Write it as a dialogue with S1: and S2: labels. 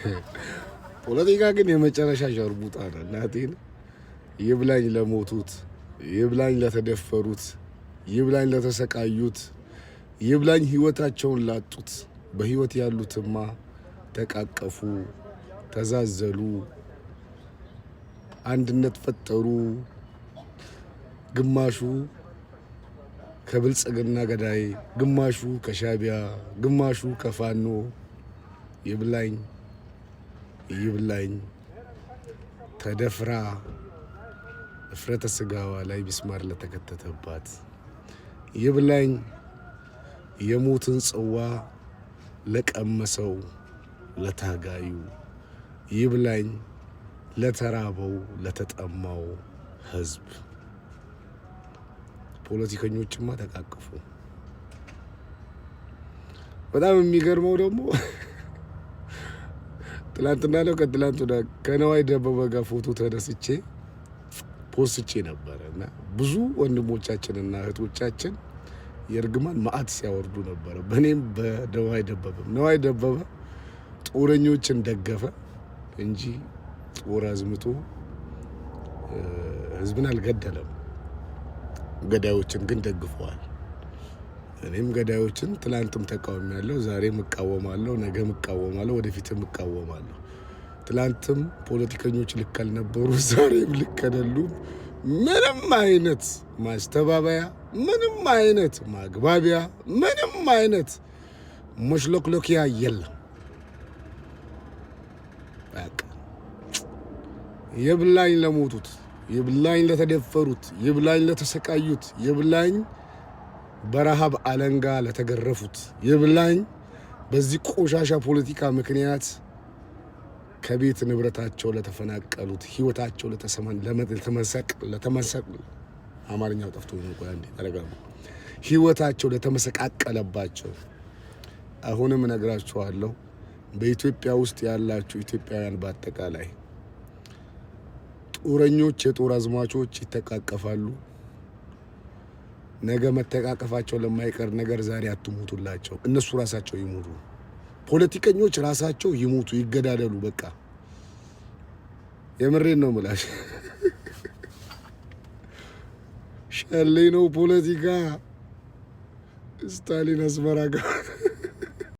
S1: ፖለቲካ ግን የመጨረሻ ሸርቡጣ ነው። እናቴን ይብላኝ ለሞቱት፣ ይብላኝ ለተደፈሩት፣ ይብላኝ ለተሰቃዩት፣ ይብላኝ ህይወታቸውን ላጡት። በህይወት ያሉትማ ተቃቀፉ፣ ተዛዘሉ፣ አንድነት ፈጠሩ። ግማሹ ከብልጽግና ገዳይ፣ ግማሹ ከሻቢያ፣ ግማሹ ከፋኖ ይብላኝ ይብላኝ ተደፍራ እፍረተ ስጋዋ ላይ ሚስማር ለተከተተባት ይብላኝ የሞትን ጽዋ ለቀመሰው ለታጋዩ ይብላኝ ለተራበው ለተጠማው ህዝብ ፖለቲከኞችማ ተቃቅፉ። በጣም የሚገርመው ደግሞ ትላንትና ነው ከትላንት ወደ ከነዋይ ደበበ ጋር ፎቶ ተነስቼ ፖስቼ ነበረ እና ብዙ ወንድሞቻችንና እህቶቻችን የእርግማን መዓት ሲያወርዱ ነበረ። በእኔም በነዋይ ደበበም ነዋይ ደበበ ጦረኞችን ደገፈ እንጂ ጦር አዝምቶ ህዝብን አልገደለም። ገዳዮችን ግን ደግፈዋል። እኔም ገዳዮችን ትላንትም ያለው ዛሬም እቃወማለሁ፣ ነገም እቃወማለሁ፣ ወደፊትም እቃወማለሁ። ትላንትም ፖለቲከኞች ልክ አልነበሩ፣ ዛሬም ልክ አይደሉም። ምንም አይነት ማስተባበያ፣ ምንም አይነት ማግባቢያ፣ ምንም አይነት ሞሽሎክሎኪያ የለም። በቃ ይብላኝ ለሞቱት፣ ይብላኝ ለተደፈሩት፣ ይብላኝ ለተሰቃዩት፣ ይብላኝ በረሃብ አለንጋ ለተገረፉት ይብላኝ በዚህ ቆሻሻ ፖለቲካ ምክንያት ከቤት ንብረታቸው ለተፈናቀሉት ህይወታቸው ለተመሰቅ አማርኛው ጠፍቶ ህይወታቸው ለተመሰቃቀለባቸው አሁንም እነግራችኋለሁ። በኢትዮጵያ ውስጥ ያላችሁ ኢትዮጵያውያን በአጠቃላይ ጦረኞች፣ የጦር አዝማቾች ይተቃቀፋሉ። ነገ መተቃቀፋቸው ለማይቀር ነገር ዛሬ አትሞቱላቸው። እነሱ ራሳቸው ይሞቱ። ፖለቲከኞች ራሳቸው ይሞቱ፣ ይገዳደሉ። በቃ የምሬን ነው ምላሽ ሸሌ ነው ፖለቲካ። ስታሊን አስመራ ጋር